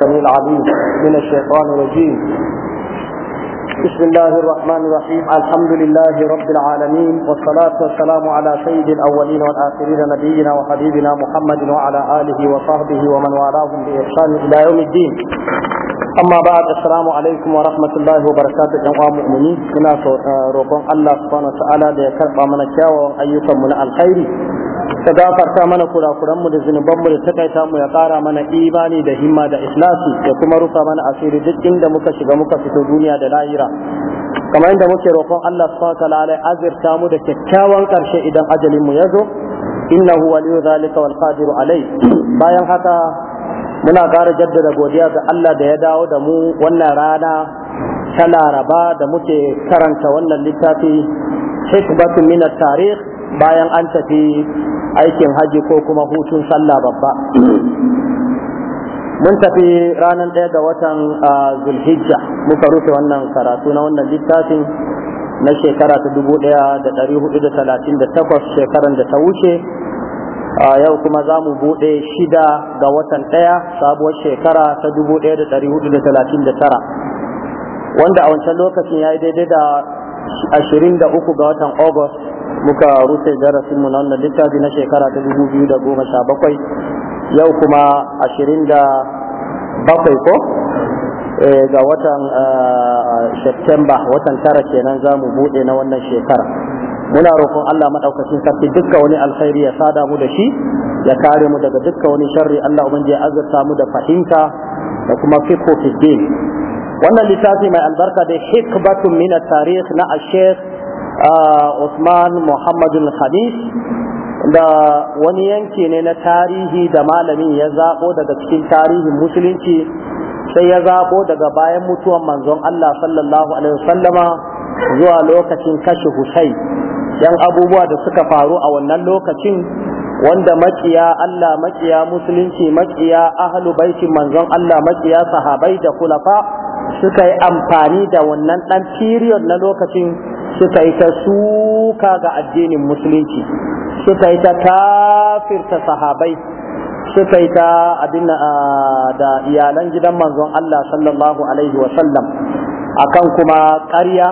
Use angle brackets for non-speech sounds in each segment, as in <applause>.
السميع العليم من الشيطان الرجيم بسم الله الرحمن الرحيم الحمد لله رب العالمين والصلاة والسلام على سيد الأولين والآخرين نبينا وحبيبنا محمد وعلى آله وصحبه ومن والاهم بإحسان إلى يوم الدين أما بعد السلام عليكم ورحمة الله وبركاته يا المؤمنين هنا آه، روكم الله سبحانه وتعالى ليكرم منك الشاوى وأيكم من الخير ka gafarta mana kurakuranmu da zunubanmu da takaita mu ya kara mana imani da himma da ikhlasi ya kuma rufa mana asiri duk inda muka shiga muka fito duniya da lahira kamar inda muke roƙon Allah subhanahu wa ta'ala azirta mu da kyakkyawan karshe idan ajalin mu ya zo innahu waliyu zalika wal qadiru alai <clears throat> bayan haka muna ƙara jaddada godiya ga Allah da ya dawo da mu wannan rana ta Laraba da muke karanta wannan littafi hikbatun min at-tarikh bayan an tafi aikin haji ko kuma hutun sallah babba mun tafi ranar ɗaya ga watan zulhijja muka rufe wannan karatu na wannan littafin na shekara ta dubu ɗaya da ɗari hudu da talatin da takwas shekaran da ta wuce yau kuma za mu buɗe shida ga watan ɗaya sabuwar shekara ta dubu ɗaya da ɗari hudu da talatin da tara wanda a wancan lokacin ya yi daidai da ashirin da uku ga watan August muka rufe darasin mu na wannan littafi na shekara ta dubu biyu da goma sha bakwai yau kuma ashirin da bakwai ko eh, ga watan eh, Septemba watan tara kenan za mu buɗe na wannan shekara muna roƙon Allah maɗaukacin sarki dukkan wani alkhairi ya sada mu da shi ya kare mu daga dukkan wani sharri Allah ubangiji ya azurta mu da fahimta da kuma fiqhu fi wannan littafi mai albarka da hikbatun min at-tarikh na ashe. Usman Muhammadul Hadis da wani yanki ne na tarihi da malamin ya zaɓo daga cikin tarihin musulunci sai ya zaɓo daga bayan mutuwan manzon Allah sallallahu alaihi wasallama zuwa lokacin kashe Husai yan abubuwa da suka faru a wannan lokacin wanda makiya Allah makiya musulunci makiya ahlu baitin manzon Allah makiya sahabai da kulafa suka yi amfani da wannan ɗan period na lokacin suka yi ta suka ga addinin musulunci suka yi ta kafirta sahabai suka yi ta abin ah, da iyalan gidan manzon Allah sallallahu alaihi wasallam akan kuma ƙarya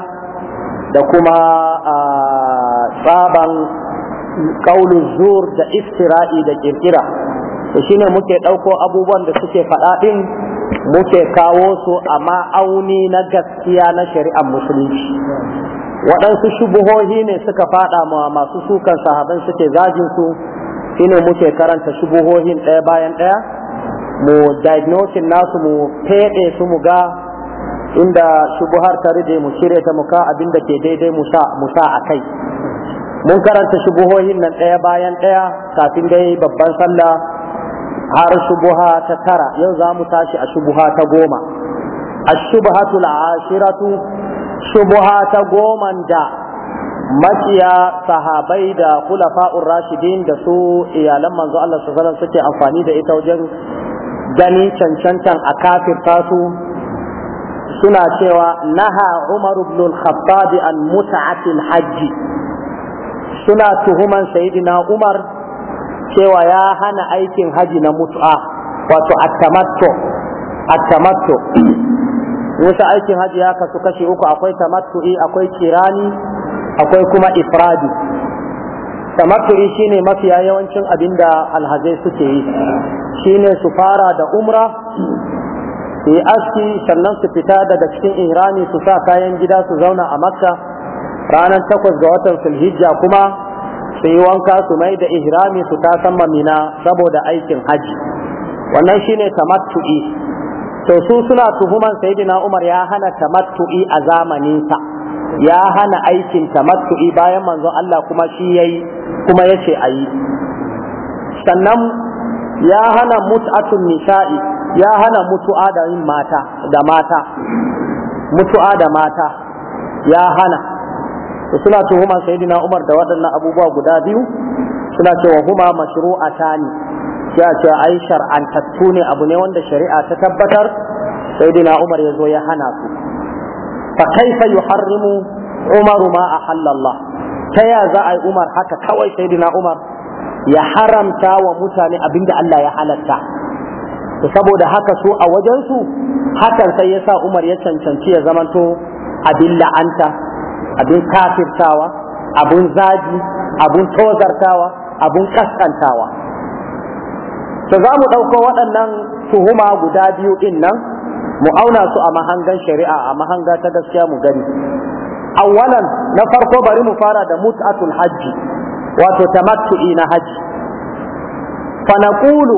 da kuma ah, tsaban ƙaunin zur da iftira'i da ƙirƙira to shine muke ɗauko abubuwan da suke faɗa ɗin muke kawo su a ma'auni na gaskiya na shari'ar musulunci waɗansu shubuhohi ne suka faɗa ma masu sukan sahaban suke zagin su shine muke karanta shubuhohin ɗaya bayan ɗaya mu diagnosing nasu mu feɗe su mu ga inda shubuhar ta rige mu shirya ta muka abin da ke daidai mu sa a kai mun karanta shubuhohin nan ɗaya bayan ɗaya kafin dai babban sallah har shubuha ta tara yau za mu tashi a shubuha ta goma ashubhatul ashiratu shubuha ta goman da maciya sahabai da kulafa'ur rashidin da su iyalan manzo Allah su suke amfani da ita wajen gani cancantan a kafirta su suna cewa naha Umar ibn al-Khattab an mut'atil hajji suna tuhuman sayyidina Umar cewa ya hana aikin haji na mut'a wato at-tamattu at-tamattu wasu aikin hajji ya kasu kashi uku akwai tamattu'i akwai kirani akwai kuma ifradi tamattu'i shine mafiya yawancin abin da alhazai suke yi shine su fara da umra su yi aski sannan su fita daga cikin ihrami su sa kayan gida su zauna a makka ranar takwas ga watan sulhijja kuma su yi wanka su mai da ihrami su ta mina saboda aikin hajji wannan shine tamattu'i to su suna tuhuman sayyidina Umar ya hana tamattu'i a zamaninsa ya hana aikin tamattu'i bayan manzon Allah kuma shi yayi kuma yace ayi sannan ya hana mut'atun nisa'i ya hana mutu'a da yin mata da mata mutu'a da mata ya hana to suna tuhuman sayyidina Umar da waɗannan abubuwa guda biyu suna cewa huma mashru'atani sai ce ai shar'antattu ne abu ne wanda shari'a ta tabbatar sai dina Umar ya zo ya hana su fa kaifa yuharrimu Umar ma ahalla Allah ta ya za a yi Umar haka kawai sai dina Umar ya haramta wa mutane abinda Allah ya halatta to saboda haka su a wajen su hakan sai ya sa Umar ya cancanci ya zamanto abin la'anta abin kafirtawa abin zaji abin tozartawa abin kaskantawa to za mu ɗauko waɗannan tuhuma guda biyu ɗin nan mu auna su a mahangan shari'a a mahanga ta gaskiya mu gani awalan na farko bari mu fara da mut'atul hajji wato tamattu'i na hajji fa naqulu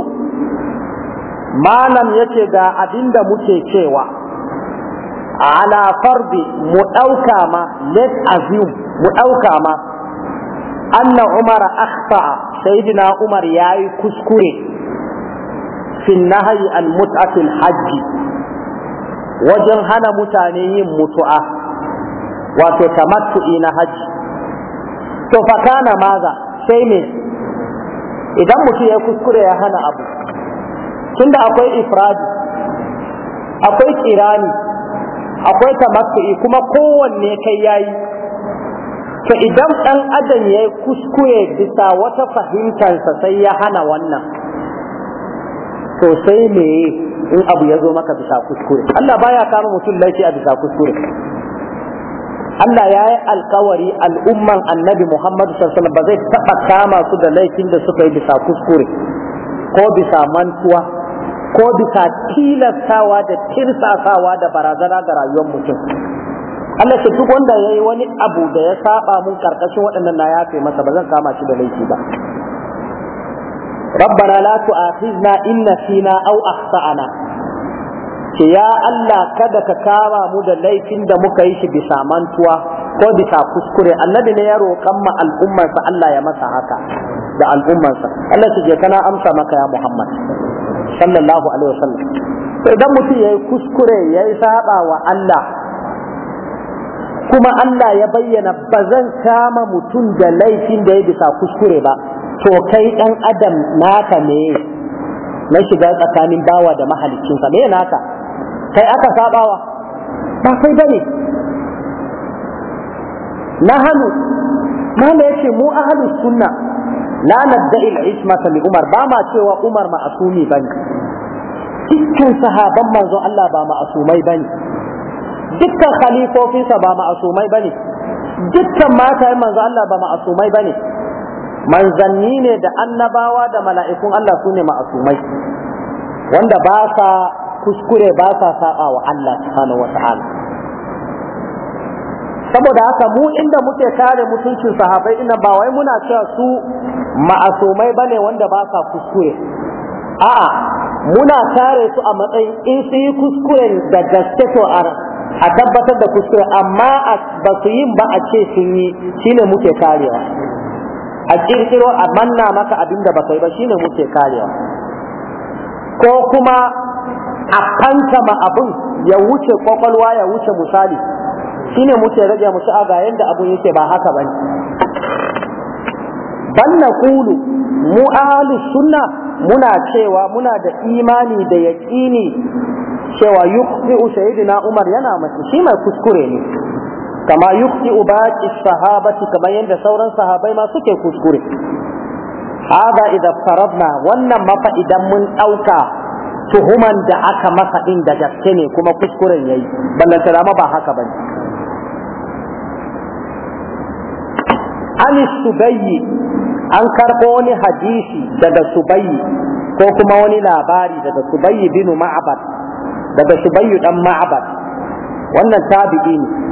malam yace ga abinda muke cewa ala fardi mu ɗauka ma let assume mu ɗauka ma anna umar akhta sayyidina umar yayi kuskure fi nahyi an mut'atil hajji. wajen hana mutane yin mutu'a wato tamattu'i na hajji. to fa kana maza sai me idan mutu ya kuskure ya hana abu tunda akwai ifradi akwai kirani akwai tamattu'i kuma kowanne kai yayi to idan ɗan adam ya kuskure bisa wata fahimtarsa sai ya hana wannan to sai me in abu ya zo maka bisa kuskure Allah baya kama mutum laifi a bisa kuskure Allah ya yi alkawari al'umman annabi Muhammadu sallallahu ba zai taɓa kama su da laifin da suka yi bisa kuskure ko bisa mantuwa ko bisa tilastawa da tirsasawa da barazana ga rayuwar mutum Allah ce duk wanda ya yi wani abu da ya saba mun karkashin waɗannan na yafe masa ba zan kama shi da laifi ba rabbana la tu'akhizna in nasina aw akhtana ce ya Allah kada ka kama mu da laifin da muka yi shi bisa mantuwa ko bisa kuskure annabi ne ya roƙan ma al'ummarsa Allah ya masa haka da al'ummarsa Allah su ce kana amsa maka ya Muhammad sallallahu alaihi wasallam idan mutum yayi kuskure yayi saba wa Allah kuma Allah ya bayyana ba zan kama mutum da laifin da ya bisa kuskure ba to kai dan adam naka ne na shiga tsakanin bawa da mahalicinsa me naka kai aka sabawa ba kai ba ne. Na hannu nahanu mana yace mu ahlus sunna la nadda'i al-ismata li umar ba ma cewa umar ma'asumi ne. dukkan sahaban manzon Allah ba ma'asumai ne. dukkan khalifofinsa ba ma'asumai ne. dukkan mata manzon Allah ba ma'asumai ne. manzanni ne da annabawa da mala'ikun Allah su ne ma'asumai wanda ba sa kuskure ba sa sa’a wa Allah subhanahu wa ta'ala saboda haka mu inda muke kare mutuncin sahabai ina ba wai muna cewa su ma'asumai bane wanda ba sa kuskure a'a muna kare su a matsayin in su yi kuskure da gaske to a tabbatar da kuskure amma ba su yin ba a ce sun yi shine muke karewa a kirkiro a manna maka abin da baka yi ba shine muke karewa ko kuma a ma abin ya wuce kwakwalwa ya wuce misali shine muke rage musu a ga yanda abun yake ba haka bane bal Kulu mu ahlus sunna muna cewa muna da imani da yaƙini cewa yuqti sayyidina umar yana mace shi mai kuskure ne kama yukti ubaki sahabati kamar yadda sauran sahabai ma suke kuskure hada idan farabna wannan mafa idan mun dauka tuhuman da aka masa din da gaske ne kuma kuskuren yayi ballantana ma ba haka bane Ali Subayyi an karɓo wani hadisi daga Subayyi ko kuma wani labari daga Subayyi binu Ma'abad daga Subayyi dan Ma'abad wannan tabi'i ne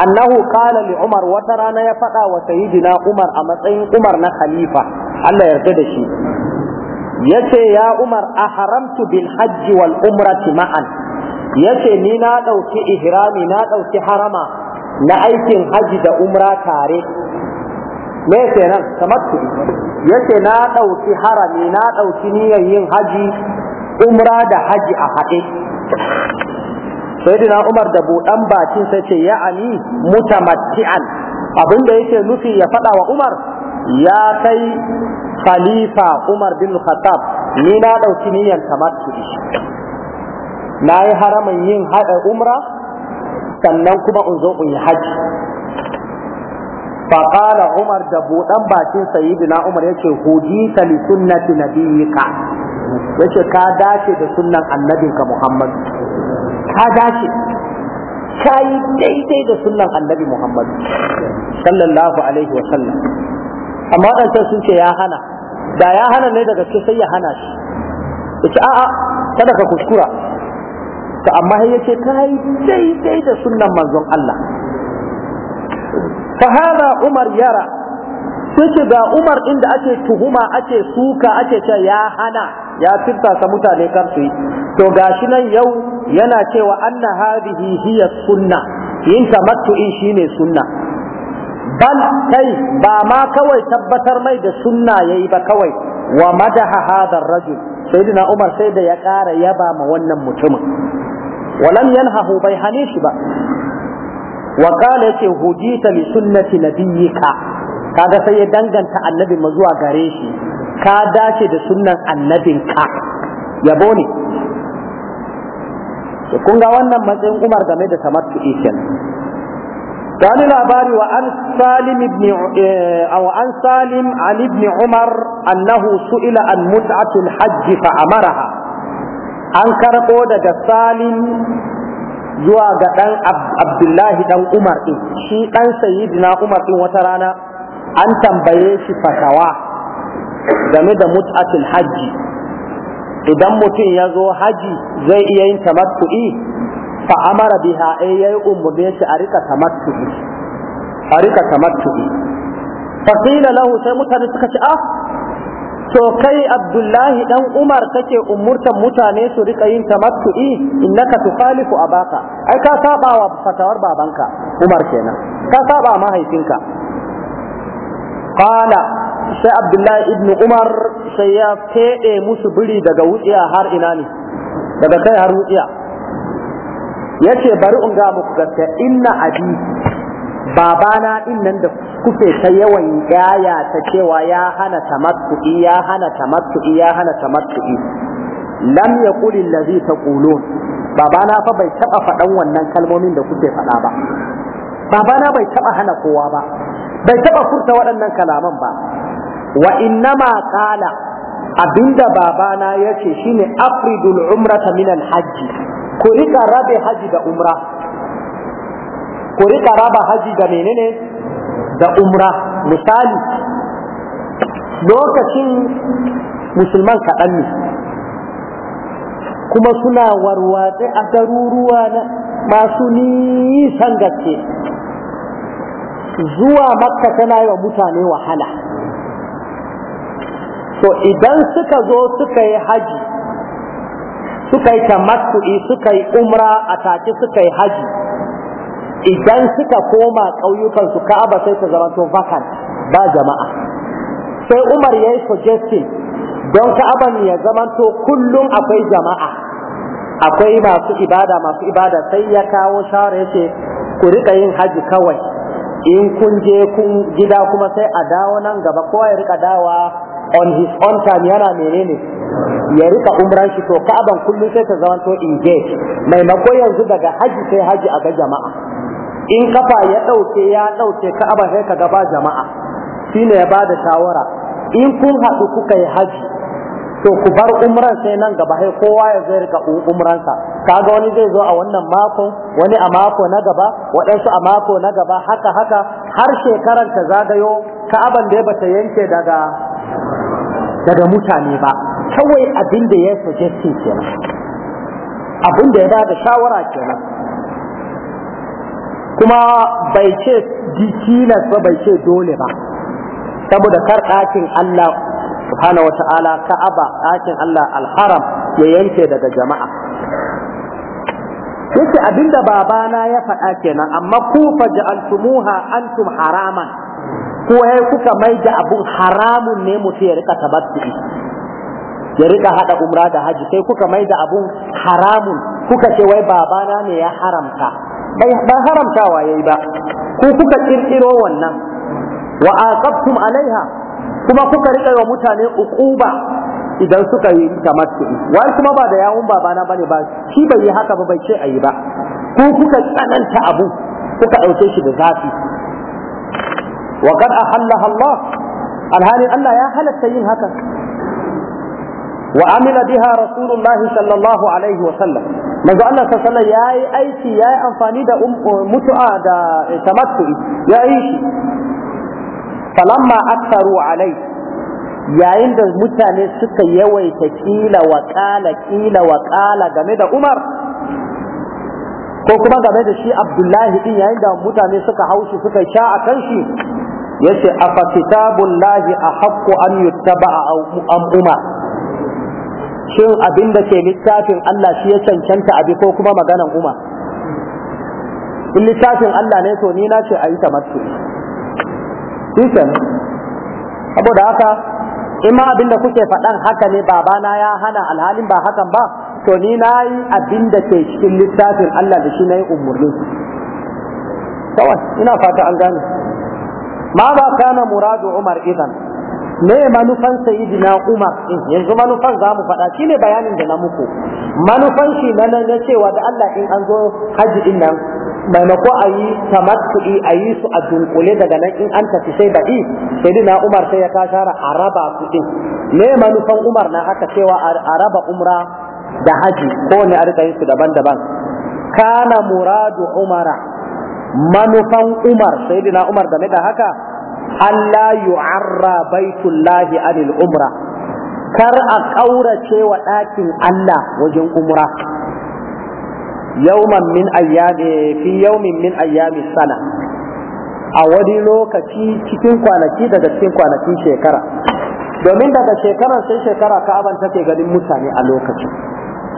annahu qala li umar wata rana ya faɗa wa sayyidina umar a matsayin umar na khalifa Allah yarda da shi yace ya umar ahramtu bil hajji wal umrati ma'an yace ni na dauki ihrami na dauki harama na aikin haji da umra tare me kenan tamattu yace na dauki harami na ɗauki niyyar yin haji umra da haji a haɗe sayyidina Umar da budan bakin sai ce ya'ani mutamatti'an abinda yake nufi ya fada wa Umar ya kai khalifa Umar bin Khattab ni na dauki niyyar tamattu'i na yi haramin yin umra sannan kuma in zo in yi haji فقال عمر دبو دان باkin sayyidina Umar yace hudita li sunnati nabiyika yace ka dace da sunnan annabinka Muhammad ka dace ka yi daidai da sunan annabi muhammad sallallahu alaihi wa sallam amma waɗancan sun ce ya hana da ya hana ne daga cikin sai ya hana shi ya ce a'a kada ka kuskura to amma sai ya ce ka yi daidai da sunan manzon Allah fa hada umar yara sai ce ga umar inda ake tuhuma ake suka ake ce ya hana ya sa mutane kar su yi to gashi nan yau yana cewa anna hadhihi hiya sunna yin tamattu'i shine sunna bal kai ba ma kawai tabbatar mai da sunna yayi ba kawai wa madaha hadha rajul sayyidina umar sai da ya ƙara yaba ma wannan mutumin walam yanhahu bai hane shi ba wa qala yace hudita li sunnati nabiyyika kaga sai ya danganta annabi zuwa gare shi ka dace da sunnan annabinka yabo ne to kun ga wannan matsayin Umar game da tamattu'i kenan wani labari wa an salim eh, ibn umar annahu su'ila an mut'atul Hajji fa amaraha an karɓo daga salim zuwa ga dan abdullahi dan umar ɗin. shi dan sayyidina umar ɗin wata rana an tambaye shi fasawa, game da mut'atul hajji idan mutum ya zo haji zai iya yin tamattu'i fa amara biha ai eh, yayi umurne shi a rika tamattu'i a rika tamattu'i fa qila lahu sai mutane suka ce ah to kai abdullahi dan umar kake umurtan mutane su rika yin tamattu'i innaka tukhalifu abaka ai ka saba wa fatawar babanka umar kenan ka saba mahaifinka qala sai abdullahi ibn umar sai ya feɗe musu biri daga wutsiya har ina ne daga kai har wutsiya ya ce bari in ga muku gaske inna abi babana din nan da kuke ta yawan yaya ta cewa ya hana tamattu'i ya hana tamattu'i ya hana tamattu'i lam yaqul allazi taqulun babana fa bai taba faɗan wannan kalmomin da kuke faɗa ba babana bai taba hana kowa ba bai taba furta waɗannan kalaman ba wa innama kala abinda babana yace shine afridul umrata min hajji ku rika rabe haji da umra ku rika raba haji da menene da umra misali lokacin musulman kaɗan ne kuma suna warwatse a garuruwa na masu nisan gaske zuwa makka tana yi wa mutane wahala So idan suka zo suka yi haji suka yi tamattu'i suka yi umra a take suka yi haji idan suka koma ƙauyukansu ka'aba sai ta zama to vacant ba jama'a sai umar ya yi suggestion don ka'aban ya zama to kullum akwai jama'a akwai masu ibada masu ibada sai ya kawo shara ya ce ku riƙa yin haji kawai in kun je kun gida kuma sai a dawo nan gaba kowa ya rika dawa on his own time yana menene ya rika umran shi to ka'aban kullum sai ta to engage mako yanzu daga haji sai haji a ga jama'a in kafa ya ɗauke ya ɗauke ka'aba sai ka gaba jama'a shine ya bada shawara in kun haɗu kuka yi haji to ku bar umran sai nan gaba sai kowa ya zai rika sa kaga wani zai zo a wannan mako wani a mako na gaba waɗansu a mako na gaba haka haka har shekarar ta zagayo ka'aban da bata yanke daga daga mutane ba kawai abin da ya suggestion kenan abin da ya ba da shawara kenan kuma bai ce tilas ba bai ce dole ba saboda kar ɗakin Allah subhanahu wata'ala ka'aba ɗakin Allah alharam ya yanke daga jama'a yace abinda babana ya faɗa kenan amma ku faj'altumuha antum haraman ko ya kuka mai da abu haramun ne mutu ya rika tabattu'i ya rika hada umra da haji sai kuka mai da abun haramun kuka ce wai babana ne ya haramta bai ba haramtawa yayi ba ku kuka kirkiro wannan wa aqabtum alaiha kuma kuka rika wa mutane uquba idan suka yi tamattu'i wai kuma ba da yawun babana bane ba shi bai yi haka ba bai ce ayi ba ku kuka tsananta abu kuka dauke shi da zafi wa qad ahallaha Allah alhalin Allah ya halatta yin haka wa amila biha rasulullah sallallahu alaihi wa sallam manzo Allah sallallahu ya yi aiki ya yi amfani da mutu'a da tamattu yayi shi falamma aktharu alaihi yayin da mutane suka yawaita kila wa kala kila wa kala game da Umar ko kuma game da shi abdullahi din yayin da mutane suka haushi suka sha a kan shi yace afa a haƙƙo an yi yuttaba am umma shin abin da ke littafin Allah shi ya cancanta abi ko kuma maganan umma in littafin Allah ne to ni na ce ayi tamattu shikan saboda haka in ma abin da kuke faɗan haka ne babana ya hana alhalin ba hakan ba to ni na yi abin da ke cikin littafin Allah da shi na yi umarni kawai ina fata an gane ma ba kana muradu umar idan me manufan sayyidina umar din yanzu manufan za mu faɗa shine bayanin da na muku manufan shi na nan na cewa da Allah in an zo haji din nan maimako a yi tamattu'i a yi su a dunkule daga nan in an tafi sai baɗi na umar sai ya kashara a raba su din me manufan umar na haka cewa a raba umra da haji ko ne a rika yin su daban-daban kana muradu umara manufan umar sayyidina umar game da haka Allah yu'arra baitullahi anil umra kar a kaurace wa ɗakin Allah wajen umra yawman min ayyami fi yawmin min ayyami sana a wani lokaci cikin kwanaki daga cikin kwanakin shekara domin daga shekarar sai shekara ka abanta ke ganin mutane a lokacin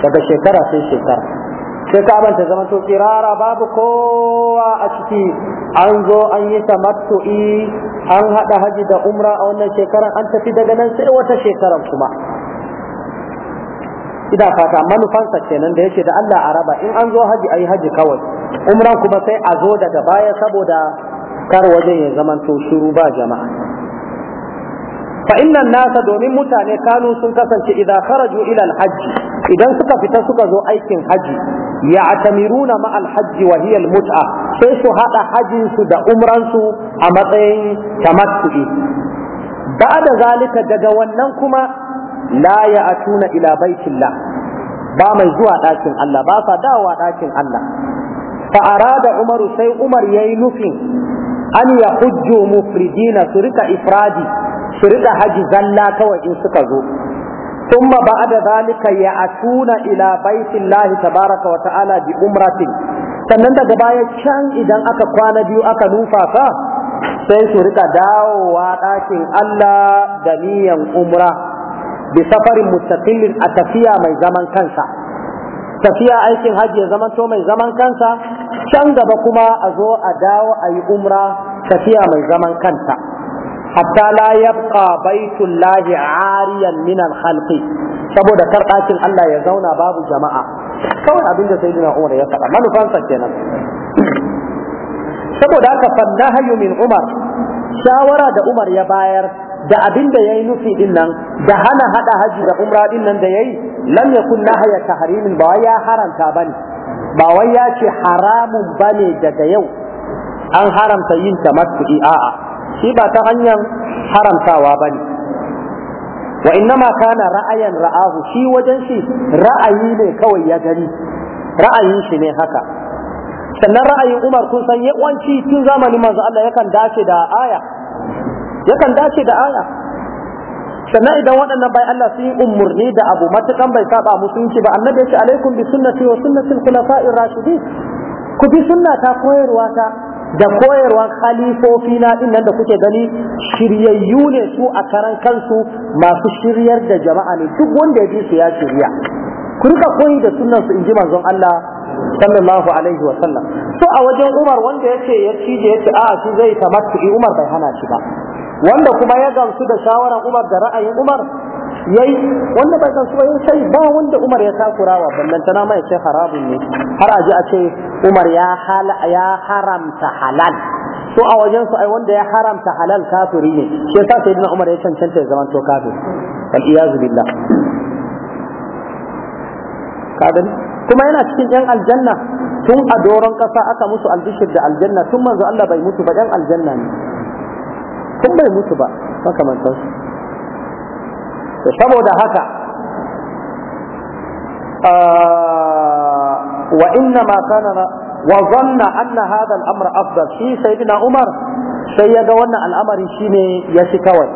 daga shekara sai shekara sai ka'aban ta zama to tsirara babu kowa a ciki an zo an yi tamattu'i an haɗa haji da umra a wannan shekarar an tafi daga nan sai wata shekarar kuma ina fata manufansa kenan da yake da Allah a raba in an zo haji ayi haji kawai umran kuma sai a zo daga baya saboda kar wajen ya zama to shiru ba jama'a fa nasa domin mutane kanu sun kasance idza kharaju ila al idan suka fita suka zo aikin haji ya'tamiruna ma al-hajj wa hiya al-mut'a sai su haɗa hajin da umran a matsayin tamattu'i ba'da zalika daga wannan kuma la ya'tuna ila baitillah ba mai zuwa dakin Allah ba sa dawowa dakin Allah fa arada umaru sai umar yayi nufin an yahujju mufridina su rika ifradi su riƙa haji zalla kawai in suka zo ثم بعد lahi ta baraka wata الله تبارك umra بأمرة sannan daga baya can idan aka kwana biyu aka nufa nufafa sai su rika dawowa ɗakin Allah da niyan umra bi safarin mustaqillin a tafiya mai zaman kansa tafiya aikin hajji ya zama to mai zaman kansa can gaba kuma a zo a dawo a yi umra tafiya mai zaman kanta hatta la yabqa baitul lahi ariyan min al saboda kar ɗakin Allah ya zauna babu jama'a kawai abinda sayyidina Umar ya faɗa manufansa kenan saboda haka fa nahyu min Umar shawara da Umar ya bayar da abinda yayi nufi din nan da hana hada haji da umra din nan da yayi lam yakun nahya tahrimin ba ya haranta bane ba wai ya ce haramun bane daga yau an haramta yin tamattu'i a'a shi ba ta hanyar haramtawa ba ne wa innama kana ra'ayan ra'ahu shi wajen shi ra'ayi ne kawai ya gani ra'ayin shi ne haka sannan ra'ayin Umar kun san yawanci tun zamanin manzo Allah yakan dace da aya yakan dace da aya sannan idan waɗannan bai Allah sun yi umurni da abu matukan bai saba musulunci ba annabi ya ce alaikum bi sunnati wa sunnati al-khulafa'ir rashidin ku bi sunna ta koyarwa ta da koyarwar khalifofi na din nan da kuke gani shiryayyu ne su a karan kansu masu shiryar da jama'a ne duk wanda ya bi su ya shirya ku rika koyi da sunan su inji manzon Allah sallallahu alaihi wa sallam to a wajen Umar wanda yace ya cije yace a'a shi zai tamattu Umar bai hana shi ba wanda kuma ya gamsu da shawaran Umar da ra'ayin Umar yayi wanda bai san ba yin sai ba wanda Umar ya takurawa ballantana ma ya ce harabun ne har aji a ce Umar ya hala ya haramta halal to a wajen su ai wanda ya haramta halal kafiri ne shi yasa sayyidina Umar ya cancanta ya zama to kafir wal iyaz billah kadan kuma yana cikin yan aljanna tun a doron kasa aka musu albishir da aljanna tun manzo Allah bai mutu ba yan aljanna ne tun bai mutu ba su. to saboda haka wa inna ma kana wa zanna anna hadha al-amr afdal shi sayyidina Umar sai ya ga wannan al'amari shine ya shi kawai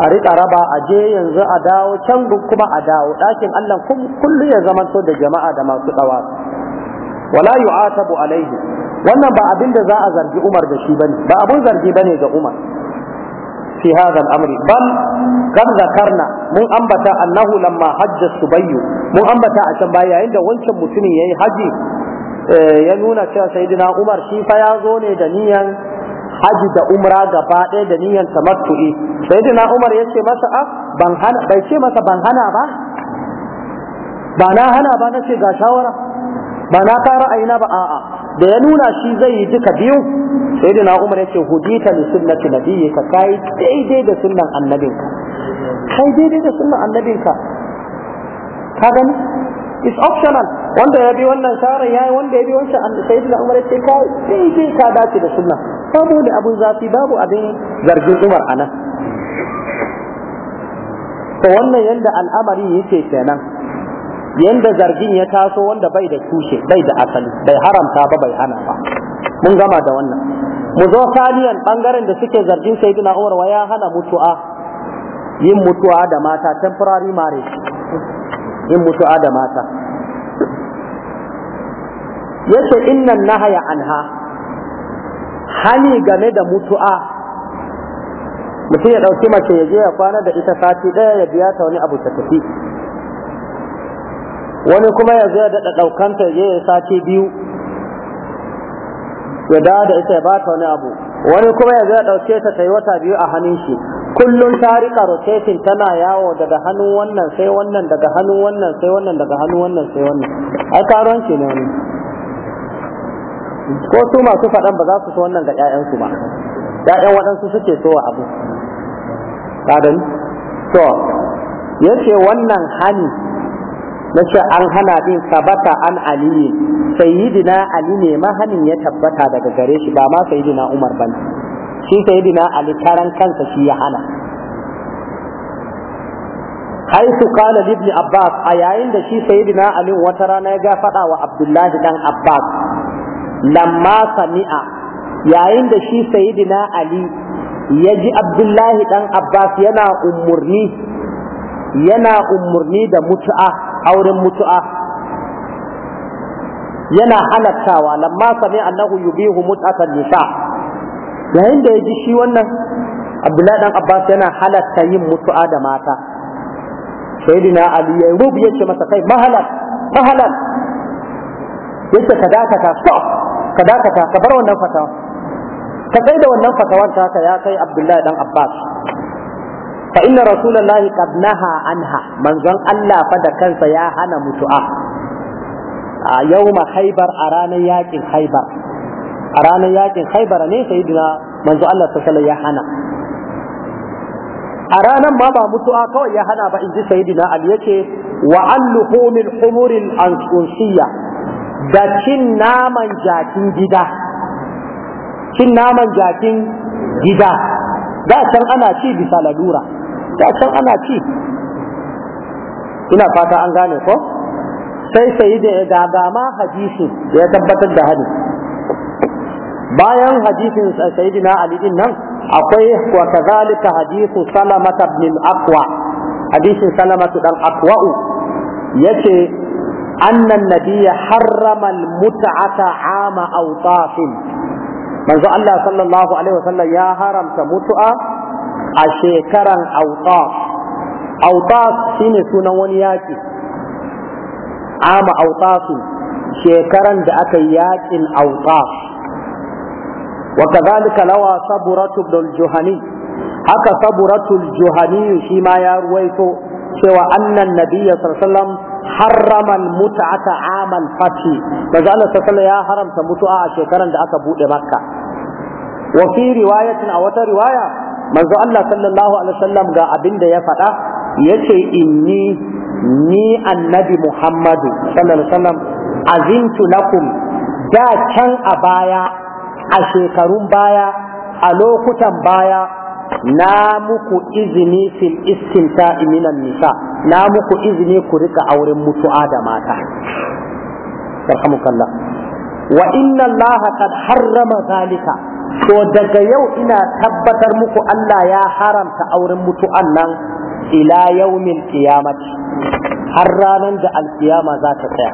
a riƙa raba a je yanzu a dawo can kuma a dawo ɗakin Allah kullu ya zamanto da jama'a da masu dawa wala yu'atabu alaihi wannan ba abin da za a zargi Umar da shi bane ba abun zargi bane ga Umar في هذا الأمر بل قد ذكرنا من أنبتا أنه لما حج السبي من أنبتا عشان عند وانشا متني يهي حجي ينونا سيدنا عمر شيفا يازوني دنيا haji da umra gaba ɗaya da niyyar tamattu'i sai dina umar ya ce masa ah, ban hana ba na hana ba nace ga ba na ba a'a da ya nuna shi zai yi duka biyu sai umar yace ce hudita li sunnati nabiyyi ka kai daidai da sunnan annabinka kai daidai da sunnan annabinka ka gani is optional wanda ya bi wannan ya yi wanda ya bi wancan sai umar yace ce kai daidai ka dace da sunnan babu wani abun zafi babu abin zargin umar anan to wannan yanda al'amari yake kenan yanda zargin ya taso wanda bai da tushe bai da asali bai haramta ba bai hana ba mun gama da wannan mu zo saniyan bangaren da suke zargin sayyidina Umar waya ya hana mutu'a yin mutu'a da mata temporary marriage yin mutu'a da mata yace innan nahaya anha hani game da mutu'a mutum ya ɗauki mace ya je ya kwana da ita sati ɗaya ya biya ta wani abu ta tafi wani kuma ya ya daɗa ɗaukanta ya je ya sati biyu ya da ita ya baka wani abu wani kuma ya zai dauke ta ta yi wata biyu a hannun shi kullum ta rika rotating tana yawo daga hannun wannan sai wannan daga hannun wannan sai wannan daga hannun wannan sai wannan ai karuwanci ne wani ko su masu faɗan ba za su so wannan ga 'ya'yansu ba 'ya'yan waɗansu suke so wa abu kadan to yace wannan hani na ce an hana din sabata an aliyu sayyidina ali ne mahanin ya tabbata daga gare shi ba ma sayyidina umar bane shi sayyidina ali karan kansa shi ya hana haisu kana ibn abbas a yayin da shi sayyidina ali wata rana ya ga fada wa abdullahi dan abbas lamma sami'a yayin da shi sayyidina ali ya ji abdullahi dan abbas yana umurni yana umurni da mutu'a auren mutu'a yana halattawa lamma sami annahu yubihu mut'atan nisa yayin da ya ji shi wannan abdullahi dan abbas yana halatta yin mutu'a da mata sayyidina ali ya rubu yace masa kai mahalal mahalal yace ka dakata stop ka dakata ka bar wannan fatawa ka kai da wannan fatawan ta ya kai abdullahi dan abbas fa inna rasulullahi qad naha anha manzon Allah fa da kansa ya hana mutu'a a yawma khaybar a ranar yakin khaybar a ranar yakin khaybar ne sayyidina manzo Allah sallallahu ya hana a ranar ma ba mutu'a kawai ya hana ba in ji sayyidina Ali yake wa alluhumil humuril ansusiya da cin naman jakin gida cin naman jakin gida da can ana ci bisa lalura da can ana ci ina fata an gane ko sai sai da ga ma hadisi ya tabbatar da hadisi bayan hadisin sayyidina ali din nan akwai wa kadhalika hadisu salama ibn al-aqwa hadisin salama aqwa yace anna an-nabiyya harrama al-mut'ata ama awtafin manzo Allah sallallahu alaihi wasallam ya haramta mutu'a a shekaran autas autas shine sunan wani yaƙi ama autasu shekaran da aka yi yaƙin autas wa kadhalika Kalawa saburatu bil juhani haka saburatu al juhani shi ma ya ruwaito cewa annan nabiyya sallallahu alaihi wasallam harrama amal fathi manzo Allah sallallahu ya haramta mutuwa a shekaran da aka bude makka wa fi riwayatin a wata riwaya manzo Allah sallallahu alaihi wasallam ga abin da ya faɗa yace inni ni annabi Muhammadu sallallahu alaihi wasallam azintu lakum da can a baya a shekarun baya a lokutan baya na muku izini fil istinta minan nisa na muku izini ku rika auren mutu'a da mata wa inna allaha qad harrama zalika to daga yau ina tabbatar muku Allah ya haramta auren mutu'an nan ila yaumil qiyamati har ranar da alkiyama za ta tsaya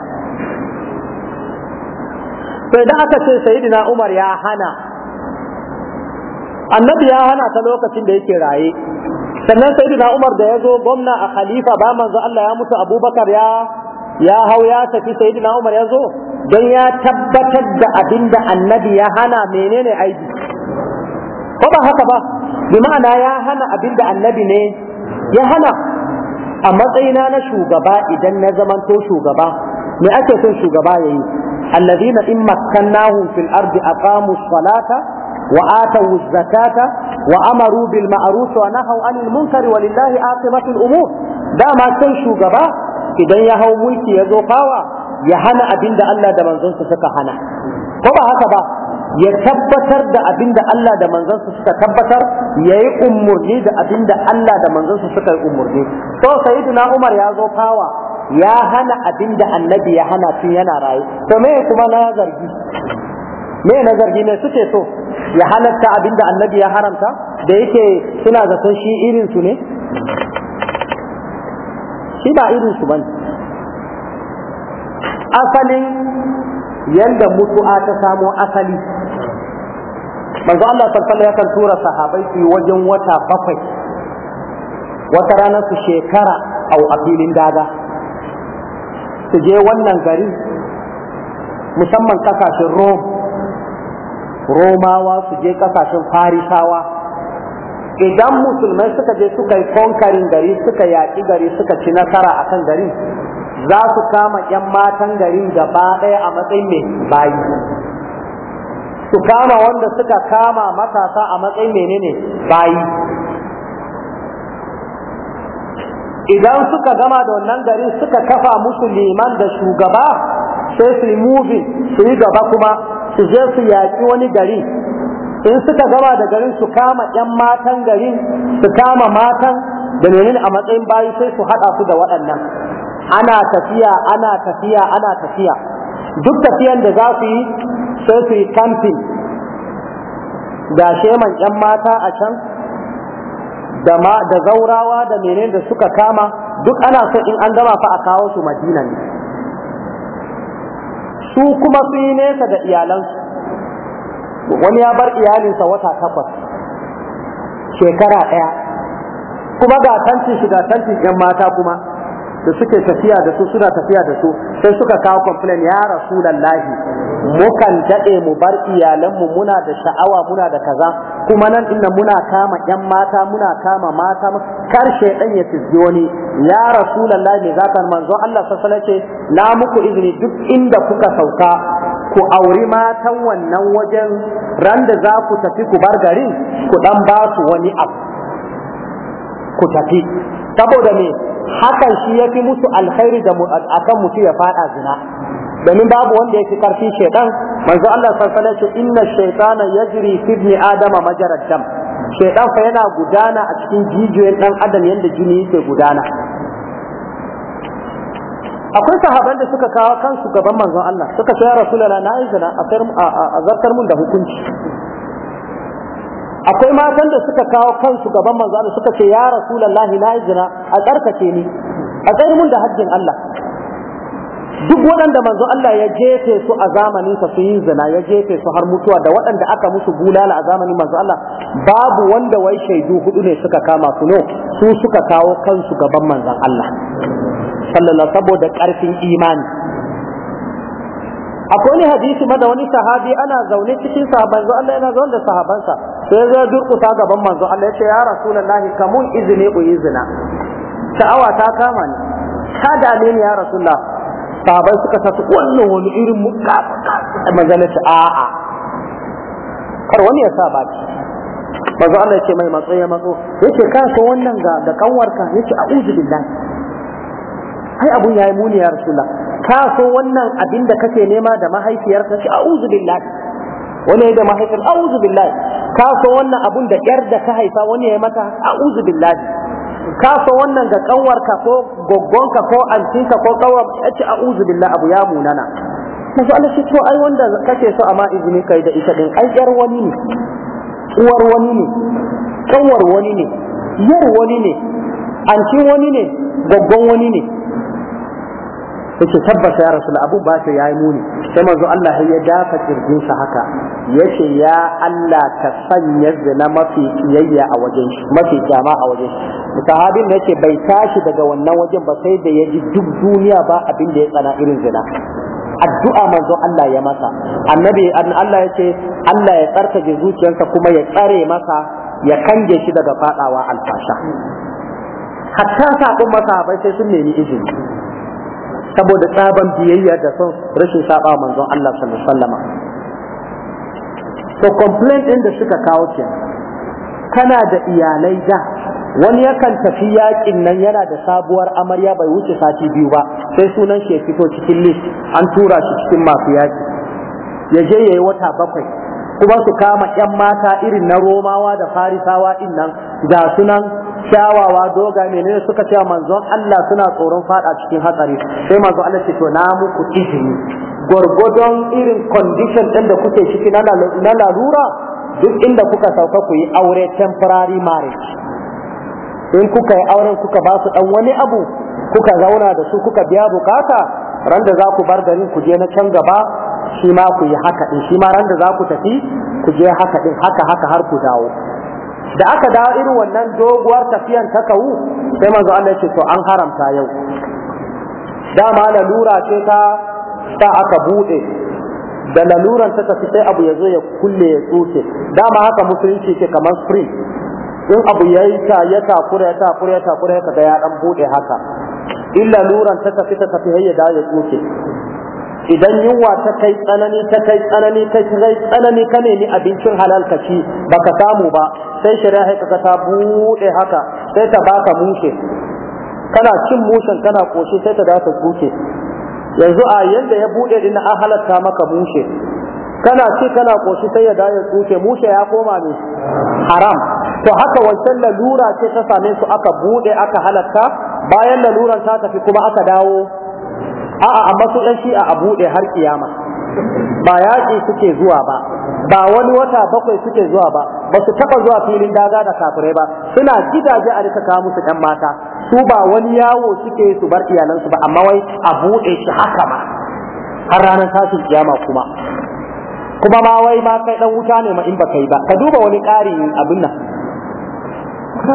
sai da aka ce sayyidina Umar ya hana annabi ya hana ta lokacin da yake raye sannan sayyidina Umar da ya zo gwamna a khalifa ba manzo Allah ya mutu Abubakar ya ya hau ya tafi sai dina umar ya zo don ya tabbatar da abin da annabi ya hana menene aiki ko ba haka ba bi ma'ana ya hana abin annabi ne ya hana a matsayina na shugaba idan na zamanto shugaba me ake son shugaba yayi alladhina in makkannahu fil ardi aqamu salata wa atawu zakata wa amaru bil ma'ruf wa nahaw anil munkar wa lillahi aqibatu al umur da ma sai shugaba idan ya hau mulki ya zo fawa ya hana abin da Allah da manzonsa suka hana ko ba haka ba ya tabbatar da abin da Allah da manzonsa suka tabbatar ya yi umarni da abin da Allah da manzonsa suka yi umarni so sayyiduna Umar ya zo fawa ya hana abin da annabi ya hana tun yana rayu to me kuma na zargi me na zargi ne suke so ya halatta abin da annabi ya haramta da yake suna zaton shi irin su ne shi ba irin su bane asalin yanda mutu'a ta samo asali manzo Allah sallallahu alaihi tura sahabai su wajen wata bakwai wata ranar su shekara au abilin daga su je wannan gari musamman kasashen rom Romawa su je kasashen Farisawa idan musulmai suka je suka yi konkarin gari suka yaƙi gari suka ci nasara a kan gari za su kama 'yan matan garin gaba ɗaya a matsayin mai bayi su kama wanda suka kama matasa a matsayin menene bayi idan suka gama da wannan gari suka kafa musu liman da shugaba sai su yi muvi su yi gaba kuma su je su yaƙi wani gari in suka gama da garin su kama 'yan matan garin su kama matan da menene a matsayin bayi sai su haɗa su da waɗannan ana tafiya ana tafiya ana tafiya duk tafiyan da za su yi sai su yi kamfin da sheman 'yan mata a can da zaurawa da menene da suka kama duk ana so in an gama fa a kawo su madina ne su kuma su yi nesa da iyalansu wani ya bar iyalinsa wata takwas shekara ɗaya kuma ga tantin shi ga tantin yan mata kuma da suke tafiya da su suna tafiya da su sai suka kawo complain ya rasulallahi mukan daɗe mu bar iyalanmu muna da sha'awa muna da kaza kuma nan inda muna kama yan mata muna kama mata karshe ɗan ya fizgi wani ya rasulallahi ne manzo Allah sassala ce na muku izini duk inda kuka sauka ku auri matan wannan wajen ran da za ku tafi ku bar garin ku dan ba su wani abu ku tafi saboda me hakan shi ya fi musu alkhairi da akan mutu ya fada zina domin babu wanda yake karfi shaitan manzo Allah sallallahu alaihi wasallam inna shaytana yajri fi ibni adama majarad dam shaitan fa yana gudana a cikin jijiyoyin dan adam yanda jini yake gudana akwai sahaban da suka kawo kansu gaban manzon Allah suka ce ya na izina a zartar mun da hukunci akwai matan da suka kawo kansu gaban manzon Allah suka ce ya rasulullahi na izina a tsarkake ni a tsayar mun da hajjin Allah duk waɗanda manzon Allah ya jefe su a zamanin sa su yi zina ya jefe su har mutuwa da waɗanda aka musu bulala a zamanin manzon Allah babu wanda wai shaidu hudu ne suka kama su no su suka kawo kansu gaban manzon Allah sallallahu saboda ƙarfin imani akwai wani hadisi ma wani sahabi ana zaune cikin sahaban zo Allah yana zaune da sahabansa sai zai durkusa gaban manzo Allah ya ce ya rasulullahi kamun izini ku izina sha'awa ta kama ni ta dame ni ya rasulullah sahabai suka tafi wannan wani irin muka manzo Allah ce a'a kar wani ya sa baki manzo Allah ya ce mai matsayi matso yace ka so wannan ga da kanwarka yace a'udhu billahi ai abun yayi muni ya rasulullah ka so wannan abin da kake nema da mahaifiyar ka ce a'udhu billahi wani da mahaifin a'udhu billahi ka so wannan abun da yar da ka haifa wani ya mata a'udhu billahi ka so wannan ga ka ko goggonka ko ka ko kawar ya ce a'udhu billahi abu ya munana masu Allah shi to ai wanda kake so amma izini kai da ita din ai yar wani ne uwar wani ne kanwar wani ne yar wani ne antin wani ne gaggon wani ne yake tabbata ya rasul abu ba ta yayi muni sai manzo Allah ya dafa kirjin sa haka yace ya Allah ka sanya zina mafi kiyayya a wajen shi mafi jama a wajen shi sahabin yace bai tashi daga wannan wajen ba sai da yaji duk duniya ba abin da ya tsana irin zina addu'a manzo Allah ya masa annabi Allah yace Allah ya tsarkake zuciyarsa kuma ya tsare masa ya kange shi daga fadawa alfasha hatta kuma masahabai sai sun nemi izini saboda tsaban biyayya da son rashin saba manzon Allah sallallahu alaihi wasallam to complaint din da suka kawo ke kana da iyalai da wani yakan tafi yakin nan yana da sabuwar amarya bai wuce sati biyu ba sai sunan shi ya fito cikin list an tura shi cikin masu yaki ya je yayi wata bakwai kuma su kama yan mata irin na romawa da farisawa din nan ga sunan kyawawa doga menene suka ce manzon Allah suna tsoron fada cikin hatsari sai manzon Allah ce to namu ku izini gwargwadon irin condition din da kuke ciki na lalura duk inda kuka sauka ku yi aure temporary marriage in kuka yi auren kuka ba su dan wani abu kuka zauna da su kuka biya bukata ran da za ku bar garin ku je na can gaba shi ma ku yi haka din shi ma ran da za ku tafi ku je haka din haka haka har ku dawo da aka dawo irin wannan doguwar tafiyan ta kawu sai manzo Allah ya ce to an haramta yau dama lalura ce ta ta aka bude da laluran ta tafi sai abu ya zo ya kulle ya tsoke dama haka musulunci ke kamar spring in abu ya yi ta ya takura ya takura ya takura ya kaga ya dan bude haka in laluran ta tafi ta tafi ya ya tsoke idan yunwa ta kai tsanani ta kai tsanani ta kai tsanani ka nemi abincin halal ka ci baka samu ba sai shari'a ka ta bude haka sai ta baka mushe kana cin mushen kana koshi sai ta da ta buke yanzu a yanda ya bude din an halatta maka mushe kana ci kana koshi sai ya da ya tsuke mushe ya koma ne haram to haka wancan lalura ce ta same su aka bude aka halatta bayan laluran ta tafi kuma aka dawo a'a amma su dan shi'a a buɗe har kiyama ba yaƙi suke zuwa ba ba wani wata bakwai suke zuwa ba ba su taɓa zuwa filin daga da kafirai ba suna gidaje a rika kawo musu ɗan mata su ba wani yawo suke su bar iyalansu ba amma wai a buɗe shi haka ma har ranar tashin kiyama kuma kuma ma wai ma kai dan wuta ne ma in ba kai ba ka duba wani ƙarin abin nan ka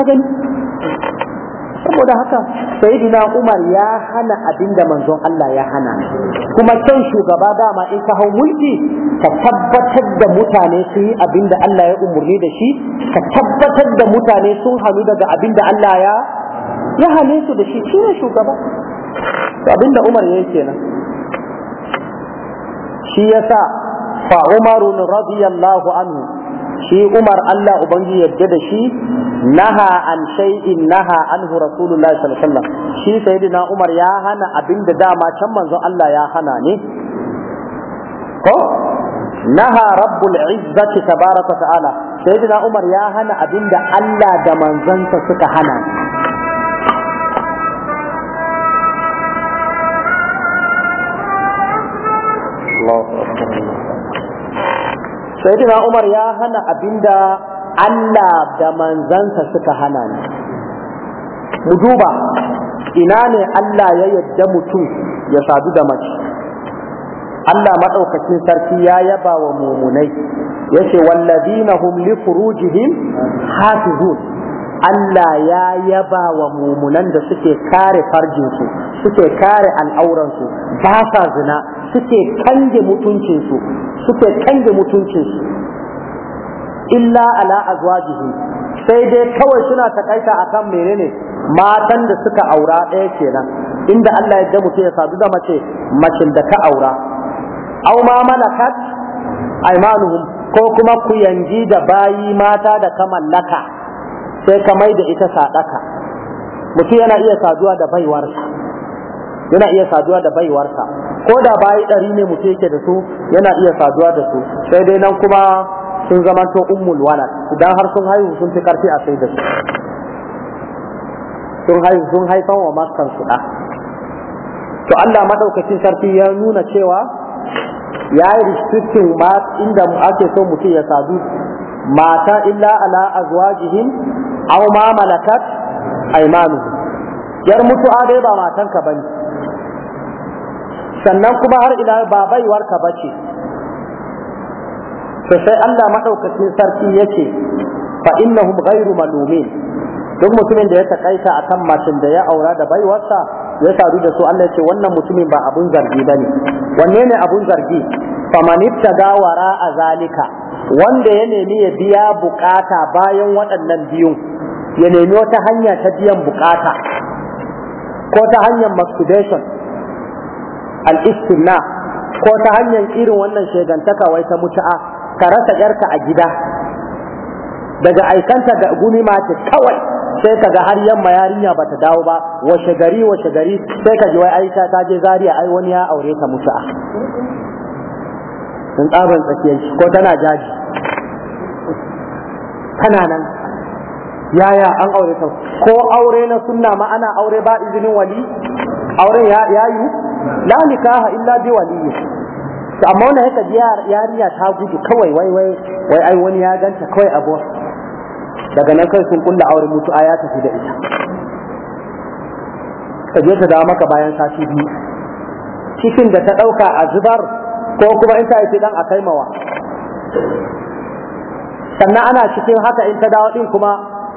saboda haka sayyidina Umar ya hana abinda manzon Allah ya hana kuma kyan shugaba dama in ka hau mulki ka tabbatar da mutane su yi abinda Allah ya umurni da shi ka tabbatar da mutane sun hannu daga abinda Allah ya ya hane su da shi shine shugaba abinda Umar ya yi kenan shi yasa fa Umarun radiyallahu anhu shi Umar Allah ubangi yadda da shi naha an shay'in naha anhu rasulullahi sallallahu alaihi wasallam shi sayyidina Umar ya hana abinda dama can manzo Allah ya hana ne ko naha rabbul izzati tabaraka ta'ala sayyidina Umar ya hana abinda Allah da manzansa suka hana Allahu akbar sayyidina umar ya hana abinda Allah da manzansa suka hana ni mu duba ina ne Allah ya yadda mutum ya sadu da mace Allah maɗaukacin sarki ya yaba wa mumunai ya ce wallazina hum li furujihim hafizun Allah ya yaba wa mumunan da suke kare farjinsu suke kare al'auransu ba sa zina suke kange mutuncinsu suke kange mutuncinsu illa ala azwajihi sai dai kawai suna takaita akan menene matan da suka aura ɗaya kenan inda Allah ya damu ya sadu da mace macin da ka aura aw ma malakat aymanuhum ko kuma ku yanji da bayi mata da ka mallaka sai ka mai da ita sadaka mutum yana iya saduwa da baiwarsa yana iya saduwa da baiwarsa ko da bayi ɗari ne mutum yake da su yana iya saduwa da su sai dai nan kuma sun zamanto ummul walad idan har sun haihu sun fi karfi a sai da su sun haihu sun haifan wa maskan su da to Allah madaukakin sarki ya nuna cewa ya yi restricting ma inda ake so mutum ya sadu mata illa ala azwajihim aw ma malakat aymanuhum yar mutu mutu'a dai ba matanka bane sannan kuma har ila ba baiwarka bace ce to sai Allah madaukakin sarki yake fa innahum ghairu malumin duk mutumin da ya takaita akan mashin da ya aura da baiwarsa ya sadu da su Allah yace wannan mutumin ba abun zargi bane wanne ne abun zargi faman ibtada wara a zalika wanda ya nemi ya biya bukata bayan waɗannan biyun ya nemi wata hanya ta biyan bukata ko ta hanyar masturbation al ko ta hanyar irin wannan shegantaka wai ta mutu'a ka rasa yarka a gida daga aikanta da gumi mace kawai sai ka ga har yamma yarinya ba ta dawo ba washe gari washe gari sai ka ji wai aisha ta je zariya ai wani ya aure ta mutu'a sun tsaban tsakiyar shi ko tana jaji tana nan yaya an aure ta ko aure na sunna ma ana aure ba izinin wali auren ya yi la nikaha illa bi waliyyi to amma wannan haka yariya ta gudu kawai wai wai wai ai wani ya ganta kawai a daga nan kai sun kulla auren mutu'a ya tafi da ita ka je ta dawo maka bayan sati biyu cikin da ta ɗauka a zubar ko kuma in ta yi dan a kaimawa sannan ana cikin haka in ta dawo din kuma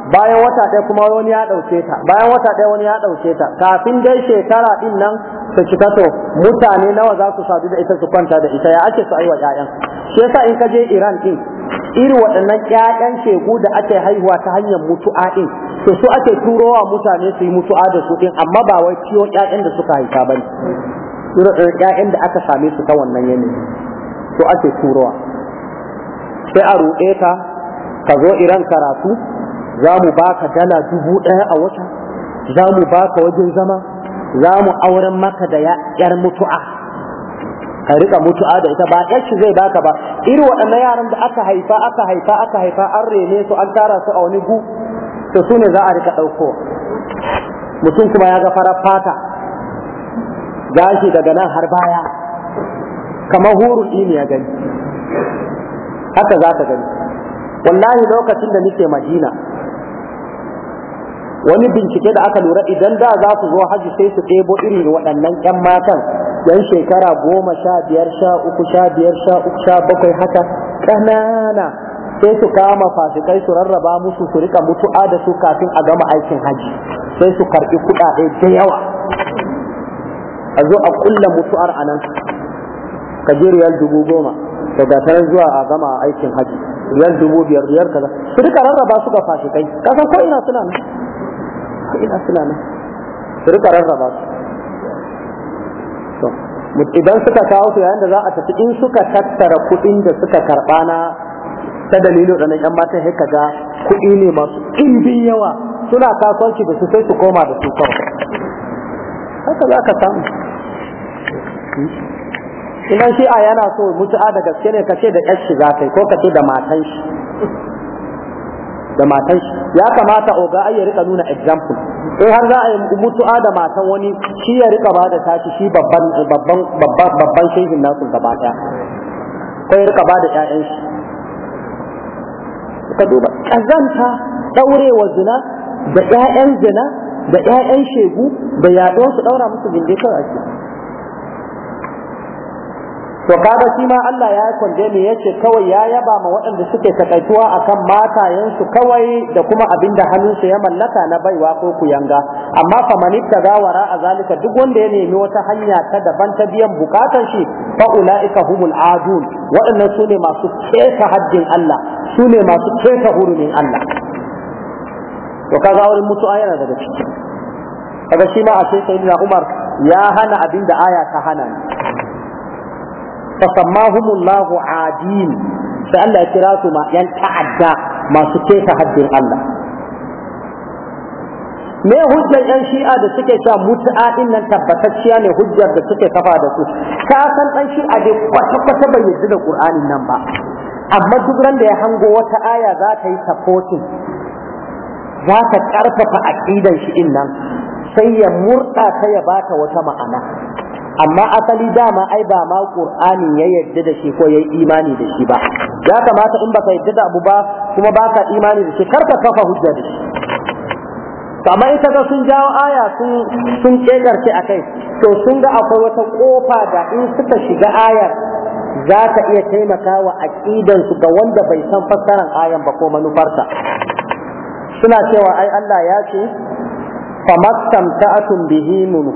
bayan wata ɗaya kuma wani ya ɗauke ta bayan wata ɗaya wani ya ɗauke ta kafin dai shekara ɗin nan su cika to mutane nawa za su sadu da ita su kwanta da ita ya ake su aiwa ƴaƴan shi yasa in ka je Iran din irin waɗannan ƴaƴan shegu da ake haihuwa ta hanyar mutu'a din to su ake turowa mutane su yi mutu'a da su din amma ba wai ciwon ƴaƴan da suka haifa ba ne irin ƴaƴan da aka same su ta wannan yanayi to ake turowa sai a ruɗe ka ka zo Iran karatu za mu baka dala dubu ɗaya a wata za mu baka wajen zama za mu auren maka da yar mutu'a ka rika mutu'a da ita ba ɗan shi zai baka ba irin waɗannan yaran da aka haifa aka haifa aka haifa an rene su an tara su a wani gu to su ne za a rika ɗauko mutum kuma ya ga farar fata gashi daga nan har baya kamar huru ne ya gani haka za ka gani wallahi lokacin da nake madina wani bincike da aka lura idan da za su zo haji sai su ɗebo irin waɗannan ƴan matan yan shekara goma sha biyar sha uku sha biyar sha uku sha bakwai haka ƙanana sai su kama fasikai su rarraba musu su rika mutu'a da su kafin a gama aikin haji sai su karɓi kuɗaɗe da yawa a zo a ƙulla mutu'ar a nan ka kajeriyar dubu goma daga ta zuwa a gama aikin haji riyal dubu biyar riyal kaza su rika rarraba su ga fasikai kasan ko ina suna ko ina suna nan su rika rarraba su idan suka kawo su yayin da za a tafi in suka tattara kuɗin da suka karɓa na ta dalilin ɗanen yan matan sai kaga kuɗi ne masu ɗimbin yawa suna kasuwanci da su sai su koma da su kawai haka za ka samu idan shi a yana so mutu'a da gaske ne ka ce da ƴar shi za kai, ko ka da matan shi da matan shi ya kamata oga ai ya rika nuna example in har za a yi mutu'a da matan wani shi ya rika ba da tashi shi babban babban babban babban shehin nasu gaba daya ko ya rika ba da ƴaƴan shi ka duba kazanta daurewa zina da ƴaƴan zina da ƴaƴan shegu da yaɗo su daura musu gindi kawai to kaga shi ma Allah ya kwanje ne yace kawai ya yaba ma waɗanda suke takaituwa akan matayensu kawai da kuma abin da hannunsu ya mallaka na baiwa ko kuyanga amma fa manitta gawara a zalika duk wanda ya nemi wata hanya ta daban ta biyan bukatar shi fa ulaika humul adun waɗannan su ne masu keta haddin Allah su ne masu keta hurumin Allah to kaga wurin yana daga ciki kaga shi ma a sai sayyidina Umar ya hana abin da aya ta hana فسماهم الله عادين فالله يكراتوا ما ينتعدى ما سكيت حد الله me hujjar yan shi'a da suke cewa mutu'a din nan tabbatacciya ne hujjar da suke kafa da su ka san ɗan shi'a dai kwata kwata bai yarda da qur'anin nan ba amma duk ran da ya hango wata aya za ta yi supporting za ta karfafa aqidan shi din nan sai ya murda ta ya bata wata ma'ana amma asali dama ai ba ma qur'ani ya yadda da shi ko yayi imani da shi ba ya kamata in baka yadda da abu ba kuma baka imani da shi karka kafa hujja da shi amma ita ga sun jawo aya sun sun kekarce akai to sun ga akwai wata kofa da in suka shiga ayar za ta iya taimakawa aqidansu ga wanda bai san fassaran ayan ba ko manufarta suna cewa ai Allah ya ce famastamta'atun bihi min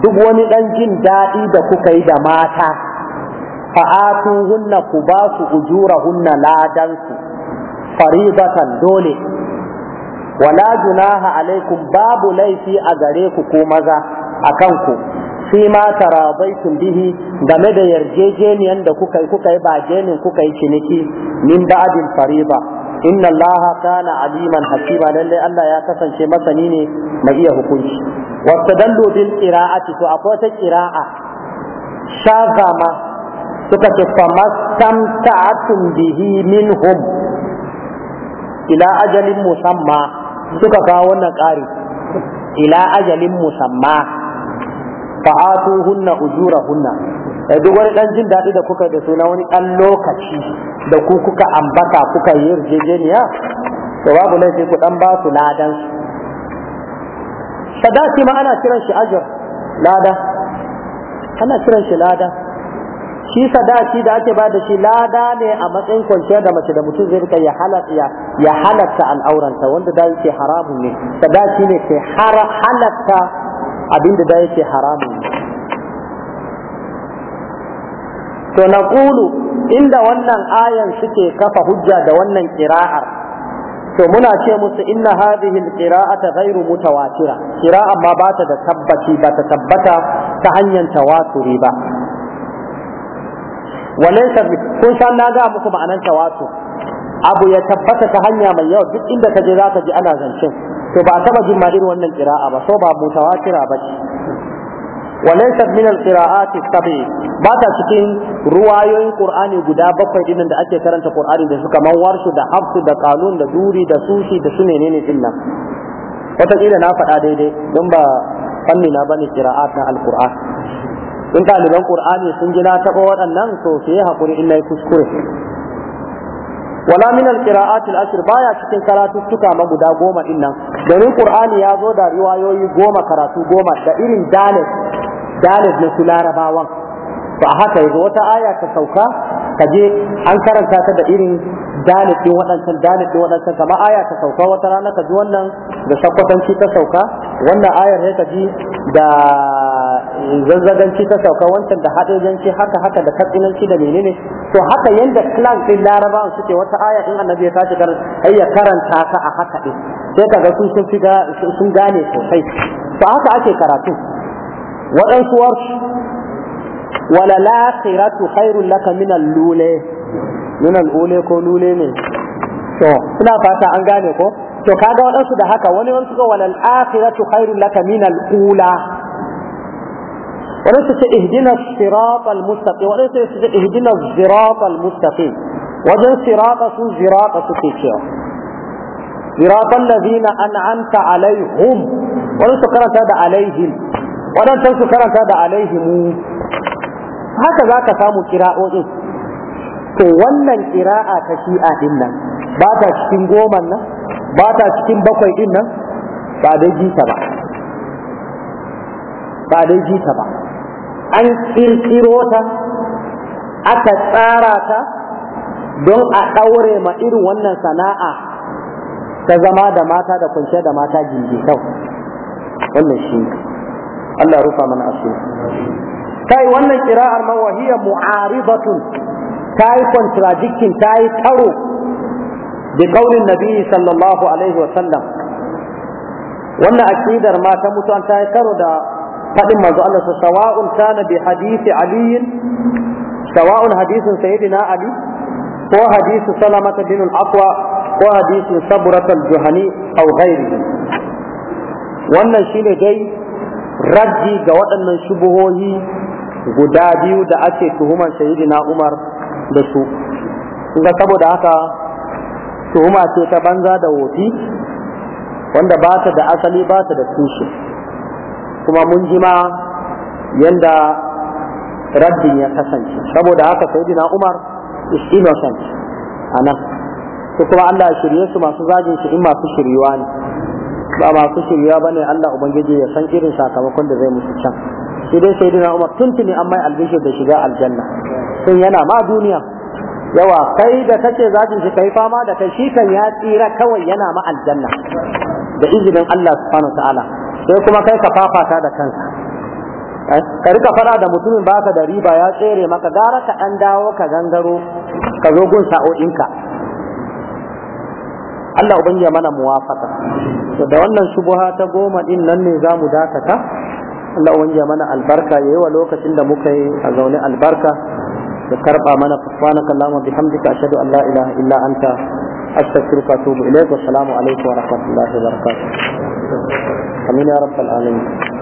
duk wani ɗan jin daɗi da kuka yi da mata fa'atun hunna ku ba su ujura hunna ladansu faribatan dole wala junaha alaikum babu laifi a gare ku ko maza a ku? Sai ma tarabaitum bihi game da yarjejeniyan da kuka yi kuka yi ba jenin kuka yi ciniki min ba'dil fariba inna Allah kana aliman hakima lalle Allah ya kasance masani ne mai iya hukunci wastadallu bil qira'ati to akwai ta qira'a shazama suka ce famastamta'atum bihi minhum ila ajalin musamma suka kawo wannan ƙari ila ajalin musamma fa'atuhunna ujurahunna Eh, duk wani dan jin daɗi da kuka da suna wani ɗan lokaci da ku kuka ambata kuka yi yarjejeniya to babu laifi ku dan ba su ladan sadaki ma ana kiran shi ajr lada ana kiran shi lada shi sadaki da ake ba da shi lada ne a matsayin kwanciyar da mace da mutum zai rika ya halatta ya halatta al'auranta wanda da yake haramun ne sadaki ne ke halatta abinda da yake haramun ne to na kulu inda wannan ayan suke kafa hujja da wannan kira'ar, to muna ce musu inna hadhihi alqira'ata ghairu mutawatira kira'a ma ba ta da tabbaci ba ta tabbata ta hanyar tawaturi ba walaysa kun san na ga muku ma'anar tawatu, abu ya tabbata ta hanya mai yawa duk inda ka je za ka ji ana zancen to ba taba jin ma irin wannan kira'a ba so ba mutawatira ba ce walaysa min alqira'at as ba ta cikin ruwayoyin qur'ani guda bakwai dinnan da ake karanta qur'ani da su kaman warshu da hafsu da qalun da duri da sushi da su menene dinnan na faɗa daidai don ba fanni na bane qira'at na alqur'an in ɗaliban qur'ani sun ji na taɓa waɗannan to sai hakuri in kuskure wala min alqira'at al-ashr baya cikin karatuttuka maguda goma dinnan domin qur'ani ya zo da riwayoyi goma karatu goma da irin dalis dalib na su larabawan to a haka yanzu wata aya ta sauka kaje je an karanta ta da irin dalib din waɗancan dalib din waɗancan kama aya ta sauka wata rana ka ji wannan da shakwatanci ta sauka wannan ayar ne ka ji da zazzaganci ta sauka wancan da haɗejanci haka haka da katsinanci da menene to haka yanda clan din larabawan suke wata aya din annabi ya tashi karan ai ya karanta ka a haka din sai kaga sun sun sun gane sosai to haka ake karatu وغيث ورش ولا لاخرة خير لك من اللولة من الأولى كلولة من شو لا فاتا أنغانيكو شو كادا ونسو ده هكا واني ونسو ولا الآخرة خير لك من الأولى وليس تهدينا الصراط المستقيم وليس تهدينا الصراط المستقيم وذن صراط سو صراط سو صراط الذين أنعمت عليهم وليس قرأت هذا عليهم waɗancan su karanta da alaihimu haka za ka samu kira'o'in to wannan kira'a ta shi'a din nan ba ta cikin goman nan ba ta cikin bakwai din nan ba dai jita ba ba dai jita ba an kirkiro ta aka tsara ta don a ɗaure ma irin wannan sana'a ta zama da mata da kunshe da mata jinjikau wannan shi Allah rufa mana asiri yi wannan kira'ar ma wahiya mu'aribatun ta yi contradicting ta yi karo da kaunin nabi sallallahu alaihi wa sallam wannan akidar ma ta mutu an ta yi karo da faɗin manzo Allah sa sawa'un kana bi hadisi aliyin sawa'un hadisin sayyidina ali ko hadisu salamata bin al-aqwa ko hadisin saburat al-juhani aw ghairihi wannan shine dai raddi ga waɗannan shubuhohi guda biyu da ake tuhumar shahidina Umar da su ga saboda haka tuhuma ce ta banza da wofi wanda ba ta da asali ba ta da tushe kuma mun ji ma yanda raddin ya kasance saboda haka shahidina Umar is innocent anan to kuma Allah shirye su masu zagin shi in masu shiryuwa ne ba masu shirya bane Allah ubangiji ya san irin sakamakon da zai musu can shi dai sai dina Umar tuntuni an mai albishir da shiga aljanna sun yana ma duniya yawa kai da kace zakin shi kai fama da kai shi kan ya tsira kawai yana ma aljanna da izinin Allah subhanahu ta'ala sai kuma kai ka fafata da kanka eh, ka rika fara da mutumin baka da riba ya tsere maka gara ka ɗan dawo ka gangaro ka zo gun sa'o'inka Allah ubangiya mana muwafaka to da wannan shubuha ta goma din nan ne za mu dakata Allah ubangiya mana albarka yayi wa lokacin da muka yi a zaune albarka ya karba mana subhanaka allahumma bihamdika ashhadu an la ilaha illa anta astaghfiruka wa atubu ilaik wa assalamu alaikum wa rahmatullahi wa barakatuh amin ya rabbal alamin